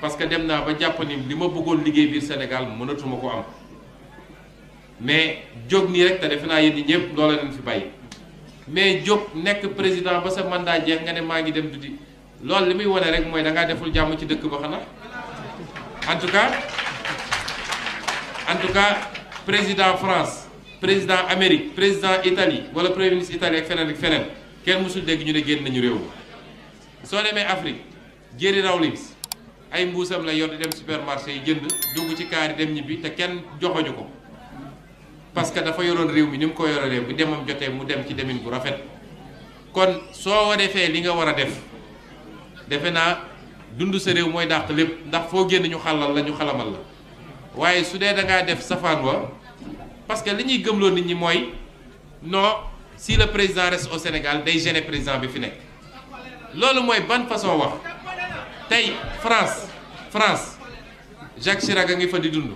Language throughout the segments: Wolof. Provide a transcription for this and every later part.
parce que dem naa ba jàpp ni li ma bëggoon liggéey biir Sénégal mënatuma ko am mais jóg nii rek te defe naa yéen ñi ñëpp loola leen fi bàyyi mais jóg nekk président ba sa mandat jeex nga ne maa ngi dem dudi loolu li muy wane rek mooy da ngaa deful jàmm ci dëkk ba xanaa en tout cas en tout cas président France président Amérique président Italie wala premier ministre Italie ak feneen ak feneen kenn mësul dégg ñu ne génn nañu réew soo demee Afrique Jerry Rawlings ay mbuusam la yoon di dem supermarché yi jënd dugg ci kaar yi dem ñibbi te kenn joxoñu ko parce que dafa yoroon réew mi ni mu ko yoree bu demam jotee mu dem ci demin bu rafet kon soo defee li nga war a def defe naa dund sa réew mooy dàq lépp ndax foo génn ñu xalal la ñu xalamal la waaye su dee da ngaa def safaan wa parce que li ñuy gëmloo nit ñi mooy non si le président reste au Sénégal day gêner président bi fi nekk loolu mooy ban façon wax. tey France France Jacques Chirac a ngi fa di dund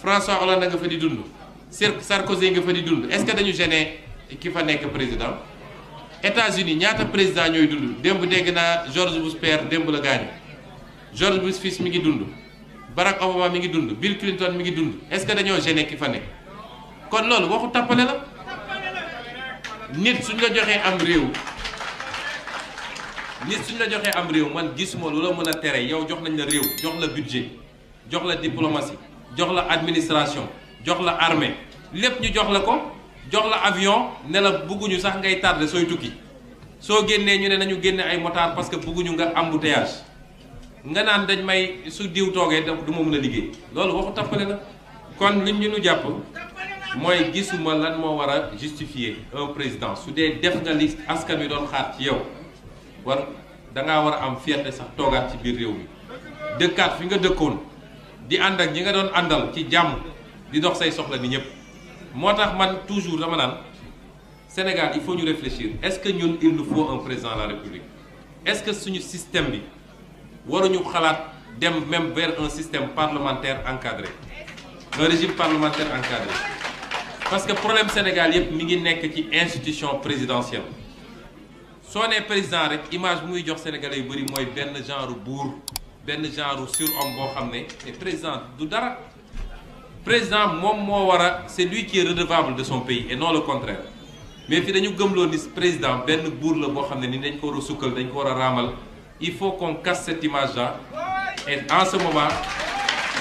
François Hollande a nga fa di dund Sarkozy nga fa di dund est-ce que dañu gêné ki fa nekk président États-Unis ñaata président ñooy dund démb dégg naa George Bush père démb la gaañu George Bush fils mi ngi dund Barack Obama mi ngi dund Bill Clinton mi ngi dund est-ce que dañoo gêné ki fa nekk kon loolu waxu tappale la nit suñ la joxee am réew nit suñ la joxee am réew man gisuma lu la mën a tere yow jox nañ la réew jox la budget jox la diplomatie jox la administration jox la armée lépp ñu jox la ko jox la avion ne la bëgguñu sax ngay tardé sooy tukki soo génnee ñu ne nañu génne ay motard parce que bugguñu nga embouteillage nga naan dañ may su diw toogee du ma mën a liggéey loolu waxu tappale la kon liñ ñu nu jàpp mooy gisuma lan moo war a justifier un président su dee def nga li askan wi doon xaar ci yow war dangaa war a am fierté sax toogaat ci biir réew mi dëkkaat fi nga dëkkoon di ànd ak ñi nga doon àndal ci jàmm di dox say soxla ni ñëpp moo tax man toujours dama naan Sénégal il faut ñu réfléchir est-ce que ñun il nous faut un président de la République est-ce que suñu système bi waruñu xalaat dem même vers un système parlementaire encadré un régime parlementaire encadré parce que problème Sénégal yëpp mi ngi nekk ci institution présidentielle soo nee président rek image bu muy jox sénégalais yu bëri mooy benn genre buur benn genre surhomme boo xam ne mais président du dara président moom moo war a c'est lui qui est redevable de son pays et non le contraire mais fi dañu gëmloo ni président benn buur la boo xam ne ni dañ ko war a sukkal dañ ko war a raamal il faut qu'on casse cette image là et en ce moment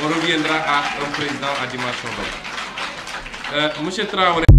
on reviendra à un président à dimension d'homme euh, monsieur Traoré